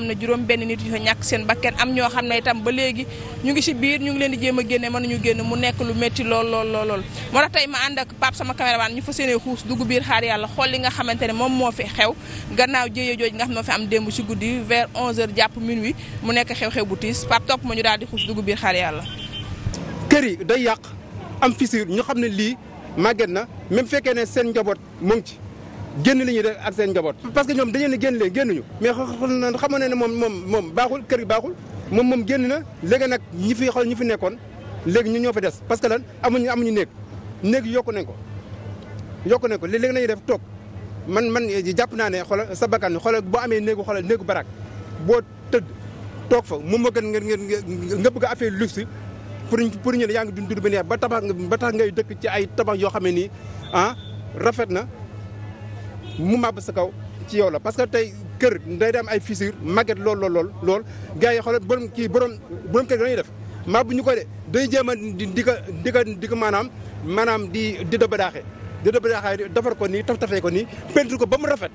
am na juróom benn nit yu ñàkk seen bakken am ñoo xam ne itam ba léegi ñu ngi si biir ñu ngi leen di jéem a génne mënuñu génn mu nekk lu métti lool lool lool lool moo tax tey ma ànd ak Pape sama caméraman ñu fa seenee xuus dugg biir xaar yàlla xool li nga xamante ne moom moo fi xew gannaaw jéye jooju nga xam ne fi am démb si guddi vers 11 heures jàpp minuit mu nekk xew-xew bu tiis Pape topp ma ñu daal di xuus dugg biir xaar yàlla kër yi day yàq am fissure ñu xam ne lii màgget na même fekkee ne seen njaboot mu ngi ci génn li ñuy def ak seen njaboot. parce que ñoom dañu ne génn leen génnuñu mais xamoon na ne moom moom moom baaxul kër gi baaxul moom moom génn na léegi nag ñi fi xool ñi fi nekkoon léegi ñu ñoo fa des parce que lan amuñu amuñu néeg néeg yokku nañ ko yokku nañ ko léegi nañu def toog man man jàpp naa ne xoolal sa bakkan xoolal boo amee néegu xoolal néegu barak boo tëdd toog fa moom moo gën nga nga bëgg affaire luxe pour pour ñu ne yaa ngi dund dund ba neex ba tabax ba tax ngay dëkk ci ay tabax yoo xam ne nii ah rafet na. mu màbb sa kaw ci yow la parce que tey kër day dem ay fissure màgget lool lool lool lool gars yi xoolal borom kii borom borom kër gi dañuy def màbb ñu ko day jéem a di ko di ko di ko maanaam maanaam di di dabadaaxe di dabadaaxe defar ko nii taf tafee ko nii pentu ko ba mu rafet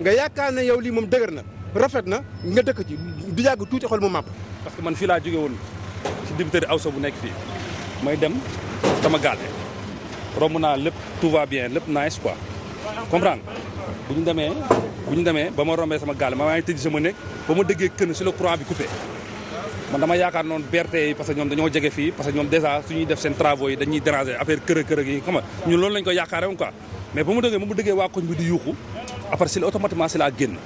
nga yaakaar ne yow lii moom dëgër na rafet na nga dëkk ci du yàgg tuuti xol mu màbb parce que man fii laa jóge woon ci dibiteri awsa bu nekk fii mooy dem sama gaale romb naa lépp tout va bien lépp nice quoi comprendre bu ñu demee bu ñu demee ba ma rombee sama gaal ma maa ngi tëj sama nekk ba ma déggee kën si la croix bi coupé man dama yaakaar noonu BRT yi parce que ñoom dañoo jege fii parce que ñoom déjà suñuy def seen travaux yi dañuy déranger affaire kërë kërë yi xam nga ñun loolu lañ ko yaakaar woon quoi mais ba ma déggee ba ma déggee waa koñ bi di yuuxu après si la automatiquement si laa génn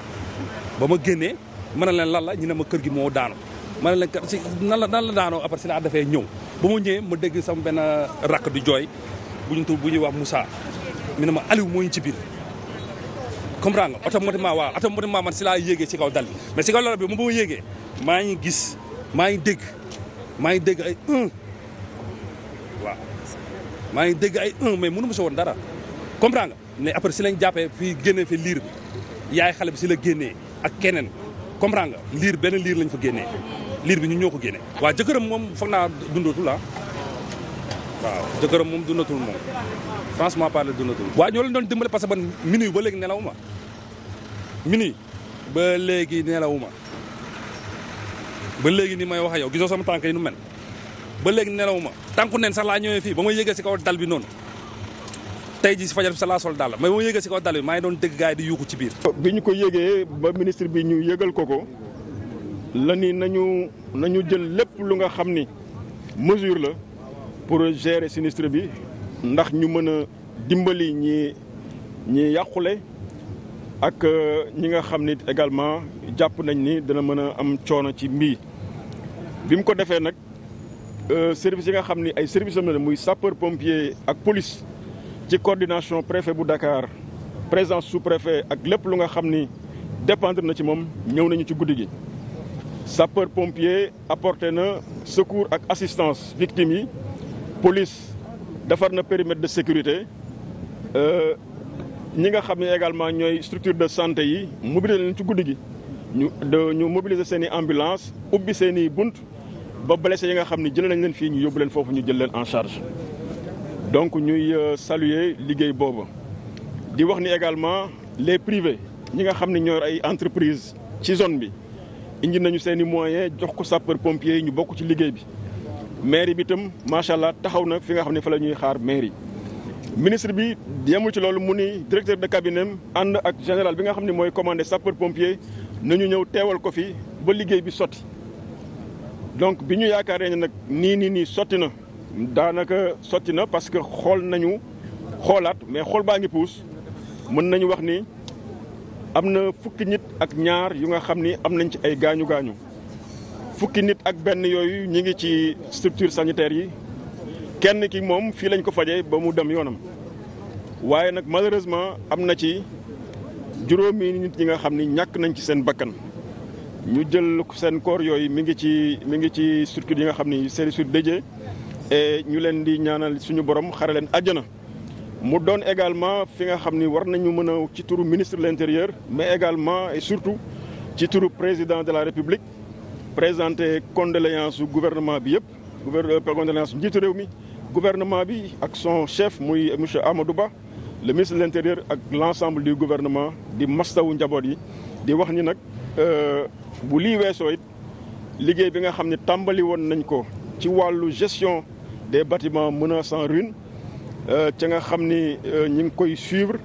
ba ma génnee mën na leen lan la ñu ne ma kër gi moo daanu ma ne leen kat si nan la nan la daanoo après si laa defee ñëw ba ma ñëwee ma dégg sama benn rakk du jooy bu ñu tudd bu ñuy wax Moussa mi ne ma Aliou moo ñu ci biir comprends nga automatiquement waaw automatiquement man si laa yéegee ci kaw dal bi mais si kaw dal bi mu boo yéegee maa ngi gis maa ngi dégg maa ngi dégg ay un waaw maa ngi dégg ay un mais mënu dara comprends nga mais après si lañ jàppee fii génnee fi liir bi yaay xale bi si la génnee ak keneen comprends nga liir benn liir lañ fa génnee liir bi ñu ñoo ko génnee waa jëkkëram moom foog naa dundootu la ah. waaw jëkkëram moom dundatul moom franchement parler dundatul waaye ñoo leen doon dimbale parce que man minuit ba léegi nelaw ma minuit ba léegi nelaw ma ba léegi ni may wax ak yow gisoo sama tànk yi nu mel ba léegi nelaw ma tànku neen sax laa ñëwee fii ba may yëgee si kaw dal bi noonu tey jii si fajar bi sa laa sol dal mais ba ma yëgee si kaw dal bi maa ngi doon dégg gars yi di yuuxu ci biir bi ñu ko yëgee ba ministre bi ñu yëgal ko ko la ni nañu nañu jël lépp lu nga xam ni mesure la pour gérer sinistre bi ndax ñu mën a dimbali ñi ñi yàqule ak euh, ñi nga xam ni également jàpp nañ ni dina mën a am coono ci mbii bi mu ko defee nag euh, service yi nga xam ni ay service am la muy sapeur pompier ak police ci coordination préfet bu dakaar présence sous préfet ak lépp lu nga xam ni dépendre na ci moom ñëw nañu ci guddi gi sapeur pompier apporté na secours ak assistance victimes yi police defar na périmètre de sécurité euh, ñi nga xam ne également ñooy structure de santé yi mobiliser leen ci guddi gi ñu ñu mobiliser seen i ambulance ubbi seen i bunt ba yi nga xam ne jëlee nañ leen fii ñu yóbbu leen foofu ñu jël leen en charge donc ñuy euh, saluer liggéey boobu di wax ni également les privés ñi nga xam ne ñoo ay entreprise ci zone bi indi nañu seen i moyens jox ko sapeur pompier yi ñu bokk ci liggéey bi mairie bi itam macha allah taxaw na fi nga xam ne fa la ñuy xaar mairie. ministre bi yemul ci loolu mu ni directeur de cabinet ànd ak général bi nga xam ne mooy commandé sapeur pompier nañu ñëw teewal ko fi ba liggéey bi sotti donc bi ñu yaakaaree ne nag nii nii nii sotti na daanaka sotti na parce que xool nañu xoolaat mais xool baa ngi puus mën nañu wax ni am na fukki nit ak ñaar yu nga xam ni am nañ ci ay gaañu gaañu. fukki nit ak benn yooyu ñu ngi ci structure sanitaire yi kenn ki moom fii lañ ko fajee ba mu dem yoonam waaye nag malheureusement am na ci juróomi nit ñi nga xam ni ñàkk nañ ci seen bakkan ñu jël seen corps yooyu mi ngi ci mi ngi ci structure yi nga xam ni service dédié et ñu leen di ñaanal suñu borom xare leen àjjana mu doon également fi nga xam ni war nañu mën a ci turu ministre de l'intérieur mais également et surtout ci turu président de la république présenter condoléance su gouvernement bi yëpp gouver euh, condoléance njiitu réew mi gouvernement bi ak son chef muy monsieur Amadou Ba le miss de l'intérieur ak l'ensemble du gouvernement di mastawu njaboot yi di wax ni nag euh, bu lii weesoo liggéey bi nga xam ne tàmbali woon nañ ko ci wàllu gestion des bâtiments menaces en ruine euh, ca nga xam ni ñi ngi koy suivre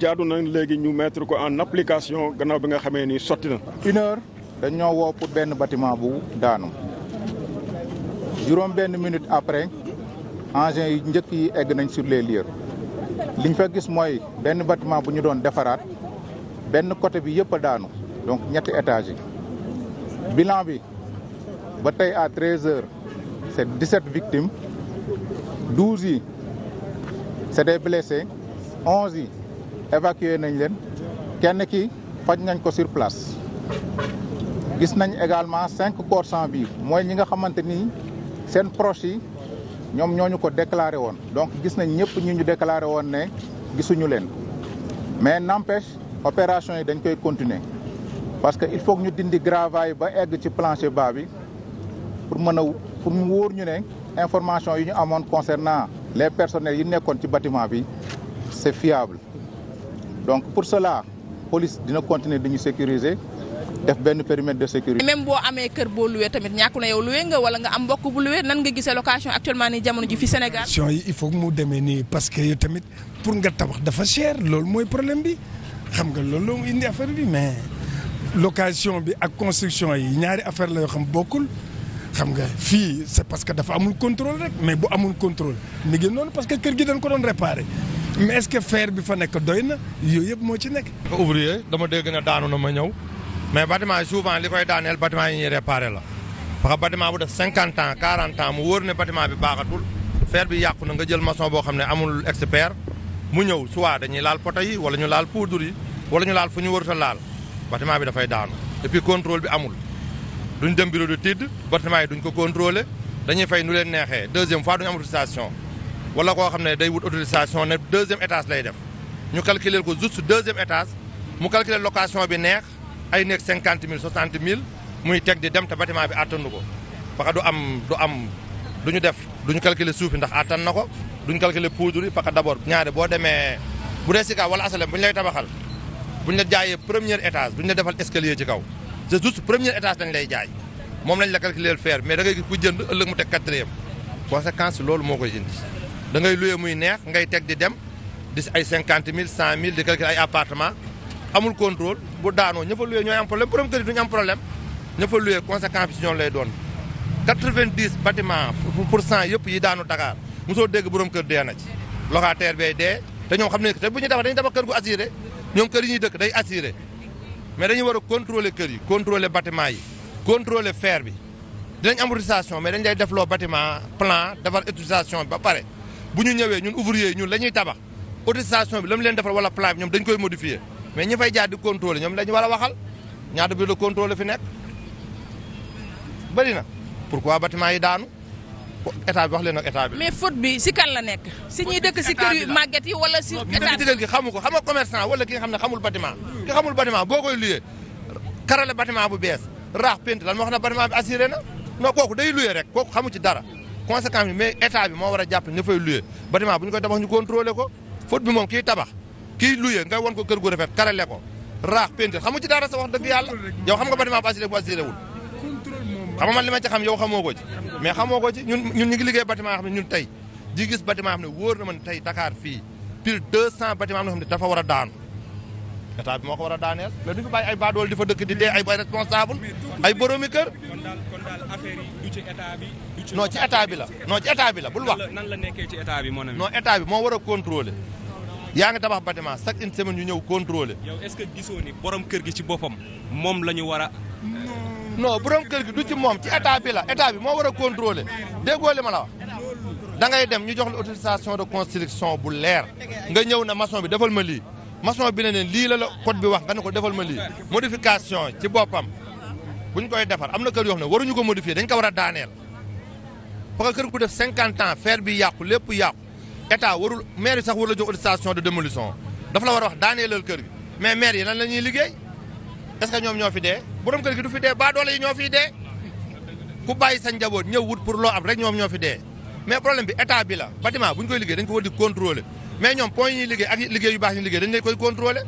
jaadu na léegi ñu mettre ko en application gannaaw bi nga xamee ni sotti na dañoo woo pour benn bâtiment bu daanu juróom benn minute après engins yi njëkk yi egg nañ sur les lieux liñ fa gis mooy benn bâtiment bu ñu doon defaraat benn côté bi yëpp daanu donc ñetti étage yi bi ba tey à treize heures c' est dix sept victimes douze yi c' est des blessés onze yi évacué nañ leen kenn ki faj nañ ko sur place gis nañ également cinq corps sans vie mooy ñi nga xamante ni seen proches yi ñoom ñoo ñu ko déclaré woon donc gis nañ ñëpp ñi ñu déclaré woon ne gisuñu leen mais n'empêche opération yi dañ koy continuer parce que il faut ñu dindi gravaay ba egg ci plancher bas bi pour mën a pour mu wóor ñu ne information yi ñu amoon concernant les personnels yi nekkoon ci bâtiment bi c'est fiable donc pour cela police dina continuer di ñu sécuriser def benn périmètre de sécurité. même boo amee kër boo loué tamit ñàkku na yow loué nga wala nga am mbokk bu loué nan nga gisee location actuellement nii jamono ji fi Sénégal. location yi il faut mu demee nii parce que yow tamit pour nga tabax dafa cher loolu mooy problème bi xam nga loolu loo indi affaire bi mais location bi ak construction yi ñaari affaire la yoo xam bokkul. xam nga fii c'est parce que dafa amul contrôle rek mais bu amul contrôle mi ngi noonu parce que kër gi dañ ko doon réparer mais est-ce fa nekk doy na yooyu yëpp moo ci nekk. ouvrier dama dégg ne daanu na ma ñëw. mais bâtiment yi souvent li koy daaneel bâtiment yi ñuy réparé la parce que bâtiment bu def cinquante ans quarante ans mu wóor ne bâtiment bi baaxatul fer bi yàqu na nga jël maçon boo xam ne amul expert mu ñëw soit dañuy laal poto yi wala ñu laal poudre yi wala ñu laal fu ñu warut a laal bâtiment bi dafay daanu et puis bi amul duñ dem bureau de tidd bâtiment yi duñ ko contrôler dañuy fay nu leen neexee deuxième fois duñ am autorisation wala koo xam ne day wut autorisation ne deuxième étage lay def ñu calculer ko juste deuxième étage mu calculer location bi neex ay nekk cinquante mille soixante mille muy teg di dem te bâtiment bi àttanu ko parce du am du am du def du ñu calculer suuf ndax àttan na ko du ñu calculer poudre yi parce que d' abord ñaari boo demee bu dee si kaw wala asalem bu lay tabaxal bu la jaayee premier étage bu ñu la defal escalier ci kaw c'est juste premier étage dañ lay jaay moom lañ la calculer faire mais da ku jënd ëllëg mu teg quatrième conséquence loolu moo koy indi da ngay loué muy neex ngay teg di dem di si ay cinquante mille cent mille di amul contrôle bu daanoo ña fa luwee ñooy am problème borom kër yi duñu am problème ña fa luwee conséquence bi si ñoom lay doon 90 bâtiment pour cent yëpp yi daanu Dakar mosoo dégg borom kër dee na ci locataire bay dee te ñoom xam ne te bu ñuy defar dañuy defar kër gu assuré ñoom kër yi ñuy dëkk day assuré mais dañuy war a contrôler kër yi contrôler bâtiment yi contrôler fer bi dinañ am autorisation mais dañ lay defloo bâtiment plan defar autorisation bi ba pare bu ñu ñëwee ñun ouvrier ñun la ñuy tabax autorisation bi la mu leen defal wala plan ñoom dañ koy modifier mais ñi fay jaar di contrôler ñoom dañu war a waxal ñaata bureau de fi nekk bëri na pourquoi bâtiment yi daanu état bi wax leen ak état bi. mais faute bi si kan la nekk. si ñuy dëkk si kër yu màgget yi wala si. état bi ko xam nga commerçant wala ki nga xam ne xamul bâtiment ki xamul bâtiment boo koy luyee karale bâtiment bu bees raax pent lan wax na bâtiment bi assuré na non kooku day luyee rek kooku xamu ci dara conséquence bi mais état bi moo war a jàpp ña fay bu ñu koy tabax ñu contrôlé ko faute bi moom kii tabax. kii lu ye nga won ko kër gu rafet karale ko raax peinture xamu ci dara sa wax dëgg yàlla yow xam nga bâtiment bu assuré bu assuré wul xam nga man li ma ci xam yow xamoo ko ci mais xamoo ko ci ñun ñun ñu ngi liggéey bâtiment yoo xam ne ñun tey di gis bâtiment yoo xam ne wóor na man tey Dakar fii pile deux cent bâtiment yoo xam ne dafa war a daanu état bi moo ko war a daaneel mais duñu fi bàyyi ay baadool di fa dëkk di dee ay responsable ay boroomi kër noo ci état bi la non ci état bi la bul wax non état bi moo war a contrôler yaa ngi tabax bâtiment chaque une semaine ñu ñëw contrôler. yow est-ce que gisoo ni borom kër gi ci boppam moom la ñu war a. non borom kër gi du ci moom ci état bi la état bi moo war a contrôler déggoo li ma la da ngay dem ñu jox la autorisation de construction bu leer nga ñëw na maçon bi defal ma lii maçon bi ne leen lii la la code bi wax nga ne ko defal ma lii modification ci boppam bu ñu koy defar am na kër yoo xam ne waruñu ko modifier dañu ko war a daaneel parce kër gu def cinquante ans fer bi yàqu lépp yàqu. état warul maire yi sax warul la jox autorisation de démolition dafa la war a kër gi mais maire yi nan la ñuy liggéey est-ce que ñoom ñoo fi dee borom kër gi du fi dee baa doole yi ñoo fiy dee ku bàyyi sa njaboot ñëw wut pour loo am rek ñoom ñoo fi dee mais problème bi état bi la bâtiment bu ñu koy liggéey dañ ko war di contrôler mais ñoom point yi ñuy liggéey ak liggéey yu baax yi liggéey dañ lay koy contrôler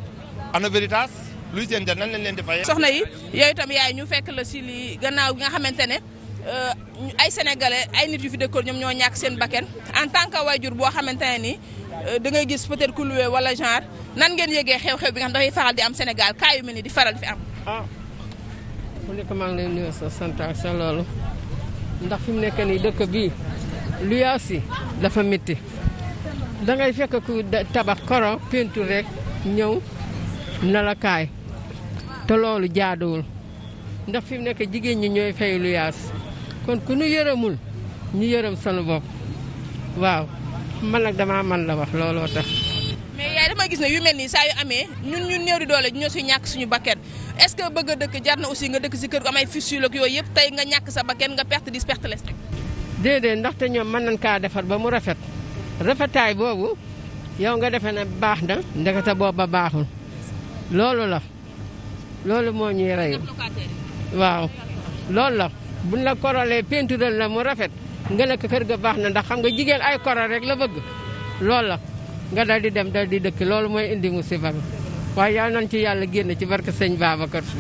ana véritas luy seen jar nan lañ leen di fayee soxna yi yooyu itam yaay ñu fekk la si gannaaw gi nga xamante ne Euh, ay sénégalais ay nit yu fi dëkkoon ñoom ñoo ñàkk seen bakken en tant que waajur boo xamante ne ni euh, da gis peut-être ku luwee wala genre nan ngeen yëgee xew-xew bi nga xam dafay faral di am Sénégal kaa yu mel ni di faral di fi am. ah ku nekk ndax fi mu nekk nii dëkk bii luyaas yi dafa metti dangay fekk ku tabax koro peinture rek ñëw na la kaay te loolu jaaduwul ndax fi mu nekk jigéen ñi ñooy fay luyaas. kon ku nu yërëmul ñu yërëm sunu bopp waaw man nag damaa man la wax looloo tax. mais yaay dama gis ne yu mel nii saa yu amee ñun ñun néew di doole ñoo si ñàkk suñu bakkan est-ce que bëgg a dëkk jar na aussi nga dëkk si kër gu am ay fistule ak yooyu yëpp tey nga ñàkk sa bakkan nga perte dis perte les rek. déedéet ndaxte ñoom mën nañ kaa defar ba mu rafet rafetaay boobu yow nga defee ne baax na boobu ba baaxul loolu la loolu moo ñuy rey waaw loolu la. bu buñ la korolee peintural na mu rafet nga nekk kër ga baax na ndax xam nga jigéen ay koro rek la bëgg loolu la nga dal di dem dal di dëkk loolu mooy indi musiba bi waaye yal nañ ci yàlla génn ci barke sëñ Babacar Si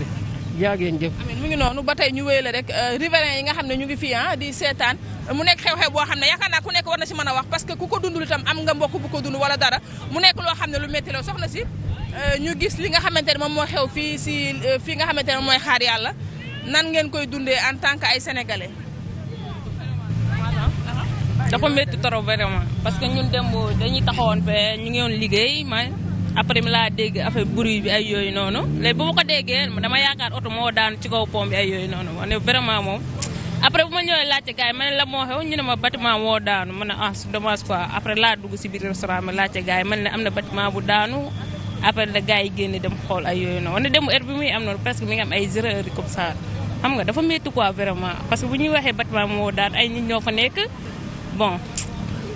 jaageen jëf amiin mu ngi noonu ba tey ñu wéyale rek euh, riverains yi nga xam ne ñu ngi fii ah di seetaan mu nekk xew-xew boo xam ne yaakaar naa ku nekk war na si mën a wax parce que ku ko dundul itam am nga mbokk bu ko dund wala dara mu nekk loo xam ne lu métti la si euh, ñu gis li xamante ne moom moo xew fii si euh, fii nga xamante ne mooy xaar yàlla nan ngeen koy dundee en tant que ay sénégalais. dafa métti trop vraiment parce que ñun démb dañuy taxawoon fee ñu ngi woon liggéey ma après mi laa dégg affaire bruit bi ay yooyu noonu léegi bu ma ko yaakaar oto daan ci kaw yooyu noonu ma ne vraiment moom. après ñëwee laajte gars ma ne la moo xew ñu ne ma bâtiment moo daanu ma ne ah c'est dommage quoi après laa dugg si biir restaurant ma laajte gars yi ne am na bâtiment bu daanu après la gars yi génne dem xool ay yooyu noonu wane démb heure bi am noonu presque mi ngi am ay zéro heure comme ça. xam nga dafa métti quoi vraiment parce que bu ñuy waxee bâtiment moo daan ay nit ñoo fa nekk bon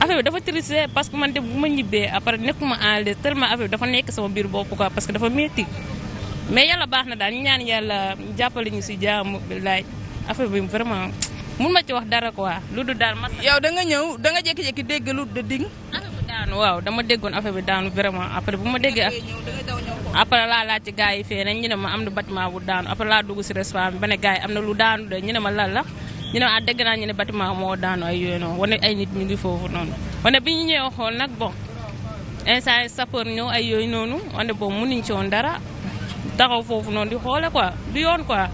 affaire bi dafa triste parce que man de bu ma ñibbee après nekkuma en l'aise tellement affaire bi dafa nekk sama biir bopp ko parce que dafa métti mais yàlla baax na daal ñu ñaan yàlla jàppale ñu si jaam billaay affaire bi vraiment mun ma ci wax dara quoi lu du daal. yow da nga ñëw danga nga jékki dégg lu de ding. Ah, daanu waaw dama déggoon affaire bi daanu vraiment après bu ma déggee après laa laaj ci gars yi fee nañ ñu ne ma am na bâtiment bu daanu après laa dugg si restaurant bi ba ne gars yi am na lu daanu de ñu ne ma lan la ñu ne ma ah, dégg naa ñu ne bâtiment moo daanu ay yooyu noonu wane ay nit ñu ngi foofu noonu wane bi woon dara taxaw foofu noonu di xoole quoi du yoon quoi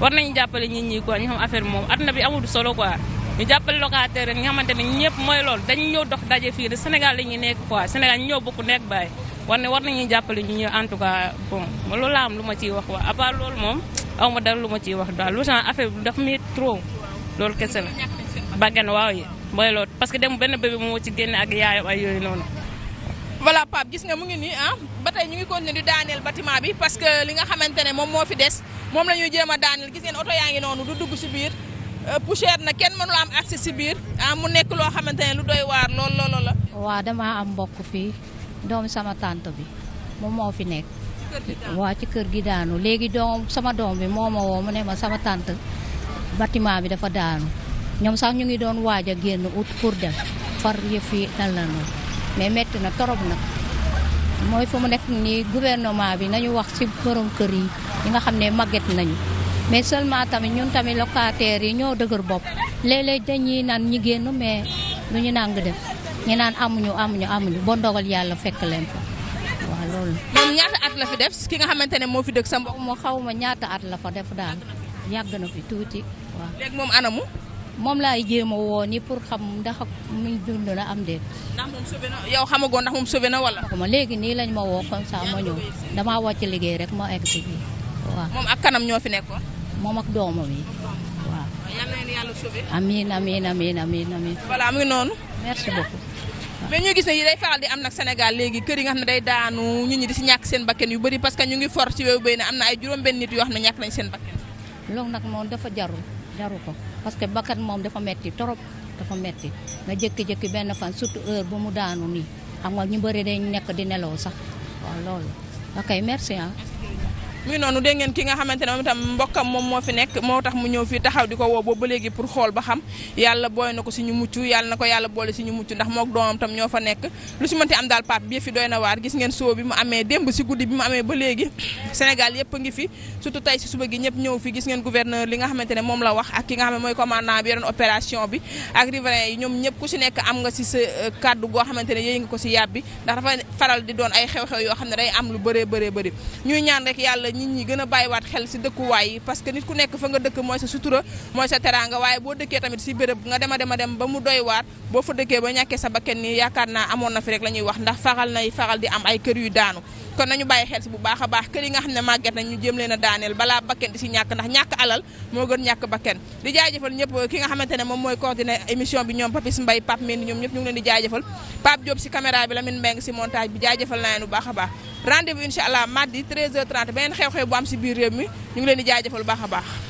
war nañu jàppale nit ñi quoi ñu xam affaire moom at na bi amul solo quoi ñu jàppale locataire yi nga xamante ne ñëpp mooy loolu dañu ñëw dox daje fii de Sénégal la ñuy nekk quoi Sénégal ñu ñëw bokk nekk bàyyi war ne war nañuy jàppale ñu ñëw en tout cas bon loolu laa lu ma ciy wax waa à part loolu moom aw ma dara lu ma ciy wax daal lu genre affaire bi daf mi trop loolu kese la baggan waaw yi mooy loolu parce que dem benn bébé moo ci génne ak yaayam ay yooyu noonu voilà Pape gis nga mu ngi nii ah ba ñu ngi continuer di daaneel bâtiment bi parce que li nga xamante ne moom moo fi des moom la ñuy jéem a daaneel gis oto yaa ngi noonu du dugg si biir Euh, poussière na kenn mënul am accès si biir ah mu nekk loo xamante ne lu doy waar lool loolu la. waaw damaa am mbokk fii doom sama tànt bi moom moo fi nekk. waa ci kër gi daanu léegi doom sama doom bi moo ma woo mu ne ma sama tante bâtiment bi dafa daanu ñoom sax ñu ngi doon waaj a génn ut pour dem far yëf yi dal na noonu mais metti na torop na mooy fu mu nekk nii gouvernement bi nañu wax ci borom kër yi ñi nga xam ne màgget nañu. mais seulement tamit ñun tamit locataires yi ñoo dëgër bopp léeg-léeg dañuy naan ñi génn mais lu ñu nàng def ñu naan amuñu amuñu amuñu ba ndogal yàlla fekk leen fa waaw loolu. moom ñaata at la fi def ki nga xamante ne moo fi dëkk sa mbokk. moo xaw ma ñaata at la fa def daal yàgg na fi tuuti waaw. moom anamu. moom laay jéem a woo nii pour xam ndax muy dund na am déet. ndax na yow xamagoo ndax moom sauvé na wala. léegi nii lañ ma woo comme ça ma ñëw damaa wàcc liggéey rek ma egg si fii waaw. ak kanam ñoo fi nekkoon. moom ak doomam yi waaw. yal na leen yàlla sauvé. amiin amiin amiin amiin amiin. voilà mu ngi noonu. merci beaucoup. mais ñu gis ne yi day faral di am nag Sénégal léegi kër yi nga xam ne day daanu ñu ñi di si ñàkk seen bakken yu bëri parce que ñu ngi for si wéw béy ne am na ay juróom-benn nit yoo xam ne ñàkk nañ seen bakken loolu nag moom dafa jaru jaru ko parce que bakkan moom dafa metti torop dafa metti nga jëkki-jëkki benn fan surtout heure bu mu daanu nii xam nga ñu bëri day nekk di nelaw sax waaw muy noonu dégg ngeen ki nga xamante moom moo fi nekk moo tax mu ñëw fii taxaw di ko woo boobu ba ko si ñu na ko yàlla boole si ñu mucc ndax mook doomam tam ñoo fa nekk lu si mënti am daal pape bi fi doy na waar gis ngeen soo bi mu amee démb si ngi fi surtout tey si suba gi ñëpp ñëw fi gis ngeen gouverneur li nga xamante ne moom la wax ak ki nga xam ne mooy commandant bi yoroon opération bi ak riverain yi ñoom ñëpp ku si nekk am nga si sa euh, kàddu goo xamante ne yéy nga ko si yàbbi ndax dafa faral di doon ay xew-xew yoo xam ne day am lu bëree bëree bëri ñuy ñaan rek yàlla nit ñi gën a bàyyiwaat xel si dëkkuwaay yi parce que nit ku nekk fa nga dëkk mooy sa sutura mooy sa teraanga waaye boo dëkkee tamit si béréb nga dema dema dem ba mu doy waat boo fa dëkkee ba ñàkkee sa ni yaakaar naa amoon na fi rek la ñuy wax ndax faral nay faral di am ay kër yu daanu kon nañu bàyyi xel si bu baax baax kër yi nga xam ne màgget nañ ñu jéem leen a daaneel balaa bakken di si ñàkk ndax ñàkk alal moo gën ñàkk bakken di jaajëfal ñëpp ki nga xamante ne moom mooy coordonné émission bi ñoom Papis Mbaye Pape Mendy ñoom ñëpp ñu ngi leen di jaajëfal Pape Diop si caméra bi Lamine Mbengue si montage bi jaajëfal naa leen bu baax a baax rendez-vous bu am si biir réew mi ñu ngi leen di jaajëfal a baax.